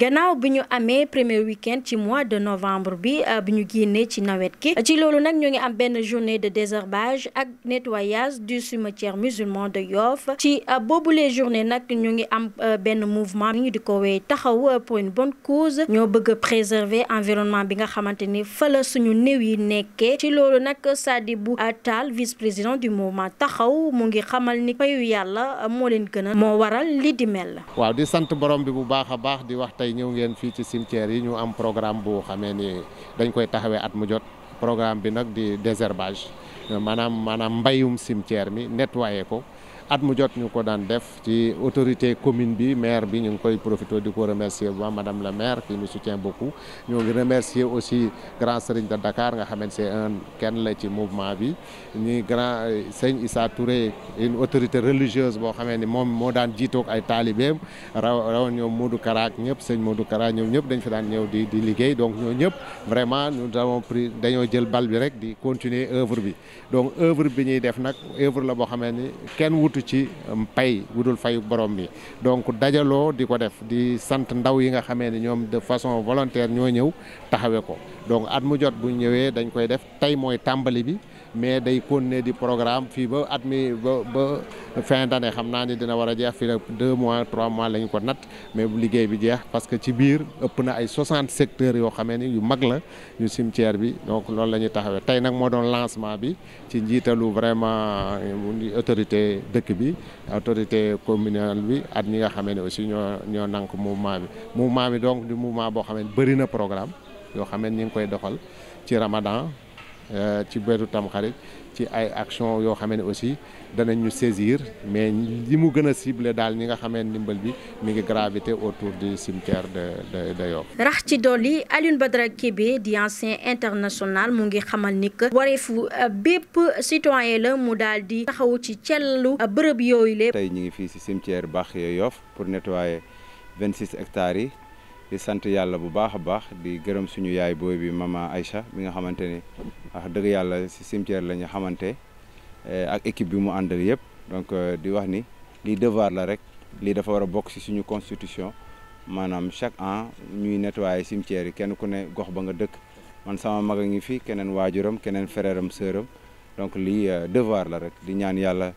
gannaaw bi ñu amee premier week ci mois de novembre bi euh, bi ñu génnee ci nawet gi ci loolu nag ñu ngi am benn journée de désherbage ak nettoyage du cimetière musulman de Yoff ci euh, boobulee journée nag ñu ngi am euh, benn mouvement ñu di ko wéy taxaw pour bon bonne cause ñoo bëgg a environnement bi nga xamante ni fa suñu néew yi nekke ci loolu nag Sadibou Tall vice-président du mouvement taxaw mu ngi xamal ni fayu yàlla moo leen gën moo waral li di mel. waaw di sant tey ñëw ngeen fii ci cimetière yi ñu am programme bu xamee ni dañ koy taxawee at mu jot programme bi nag di désherbage maanaam maanaam mbayum cimetière mi nettoyé ko at mu jot ñu ko daan def ci autorité commune bi maire bi ñu ngi koy profité di ko remercier bu madame la maire qui nous soutient beaucoup ñoo ngi remercier aussi grand Serigne de Dakar nga xamante c'est un kenn la ci mouvement bi ñi grand Sëñ Issa Touré une autorité religieuse boo xamee ni moom moo daan jiitoog ay taalibeem raw raw ñoom Modou Karaak ñëpp sëñ Modou Karaak ñoom ñëpp dañ fi daan ñëw di di liggéey donc ñoo ñëpp vraiment nous avons pris dañoo jël bal bi rek di continuer œuvre bi donc ci um, pay bu dul fayu borom bi donc dajaloo di ko def di sant ndaw yi nga xamee ne ñoom de façon volontaire ñoo ñëw taxawee ko donc at mu jot bu ñëwee dañ koy def tey mooy tàmbali bi mais day continuer di programme fii ba at mi ba ba fin dane xam naa ni dina war a jeex fii nag deux mois trois mois lañ ko natt mais bu liggéey bi jeex parce que ci biir ëpp na ay soixante secteurs yoo xamee ni yu mag la ñu cimetière bi donc loolu la ñuy taxawee tey nag moo doon lancement bi ci njiitalu vraiment autorité dëkk bi autorité communale bi at ñi nga xamee ne aussi ñoo ñoo nank mouvement bi mouvement bi donc di mouvement boo xamee ne bëri na programme yoo xamee ni ñu ngi koy doxal ci Ramadan Euh, ci bëtu tamxarit ci ay action yoo xamee ne aussi danañ ñu saisir mais li mu gën a ciblé daal ñi nga xamee ndimbal bi mi ngi gravité autour du cimetière de de de Yoff rax ci dolli Alioune Badara Kébé di ancien international mu ngi xamal ni que wareefu euh, bépp citoyen la mu daal di taxawu ci cellu euh, bërëb yooyu lépp. tey ñu ngi fii si cimetière Bakhye Yoff pour nettoyer vingt six hectares yi. di sant yàlla bu baax a baax di gërëm suñu yaay booy bi mama Aïcha bi nga xamante ni wax dëgg yàlla si cimetière la ñu xamante eh, ak équipe bi mu àndal yëpp donc euh, di wax ni lii devoir la rek lii dafa war a bokk si suñu constitution maanaam chaque an ñuy nettoyer cimetière yi kenn ku ne gox ba nga dëkk man sama mag a ngi fi keneen waajuram keneen frèram sœuram donc lii euh, devoir la rek di ñaan yàlla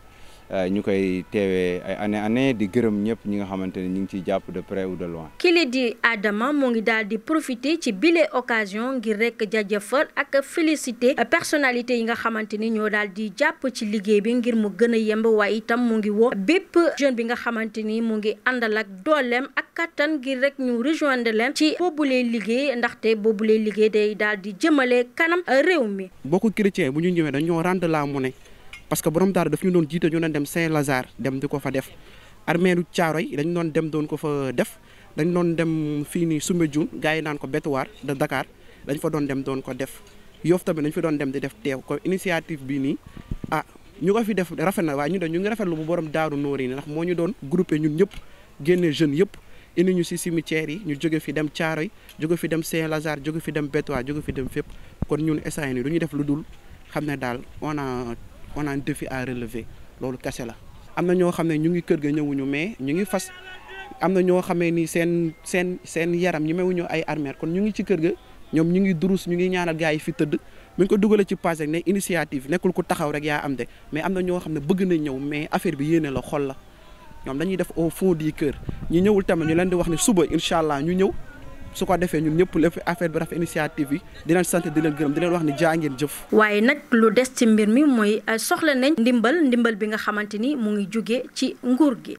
Euh, ñu koy teewee ay année di gërëm ñëpp ñi nga xamante ne ñu ngi ciy jàpp de près ou de loin. kile moo ngi daal di profiter ci bile occasion ngir rek jajëfal ak félicité personnalité yi nga xamante ni ñoo daal di jàpp ci liggéey bi ngir mu gën a yemb waaye itam mu ngi woo bépp jeune bi nga xamante ni mu ngi àndal ak dooleem ak kattan ngir rek ñu rejoindre leen ci boobulee liggéey ndaxte boobu boobulee liggéey day daal di jëmale kanam réew mi. bokk chrétien bu ñu ñëwee dañoo rendre mu monnaie parce que borom daara daf ñu doon jiite ñu doon dem Saint-Lazare dem di ko fa def caaro yi dañu doon dem doon ko fa def dañ doon dem fii nii Soumbédioune gars yi naan ko bétuwaar de Dakar dañ fa doon dem doon ko def Yoff tamit dañu fa doon dem di def teew kon initiative bi nii ah ñu ko fi def rafet na waaye ñu doon ñu ngi rafetlu bu borom daaru yi ndax moo ñu doon groupé ñun ñëpp génne jeunes yëpp indi ñu si cimetière yi ñu jóge fi dem Caaroy jóge fi dem Saint-Lazare jóge fi dem bétuwaar jóge fi dem fépp kon ñun essayé ni du ñu def lu dul xam ne daal on a un à relever loolu kese la. am na ñoo xam ne ñu ngi kër ga ñëwuñu mais ñu ngi fas am na ñoo xamee ni seen seen seen yaram ñu mewuñu ay armère kon ñu ngi ci kër ga ñoom ñu ngi durus ñu ngi ñaanal gars yi fi tëdd mu ngi ko dugale ci page rek ne initiative nekkul ku taxaw rek yaa am de mais am na ñoo xam ne bëgg na ñëw mais affaire bi yéene la xol la ñoom dañuy def au fond di kër ñu ñëwul tamit ñu leen di wax ne suba incha allah ñu ñëw. su ko defee ñun ñëpp lépp affaire bi rafet initiative yi di leen sant di leen gërëm di wax ni jaa jëf. waaye nag lu des ci mbir mi mooy soxla nañ ndimbal ndimbal bi nga xamante ni mu ngi jógee ci nguur gi.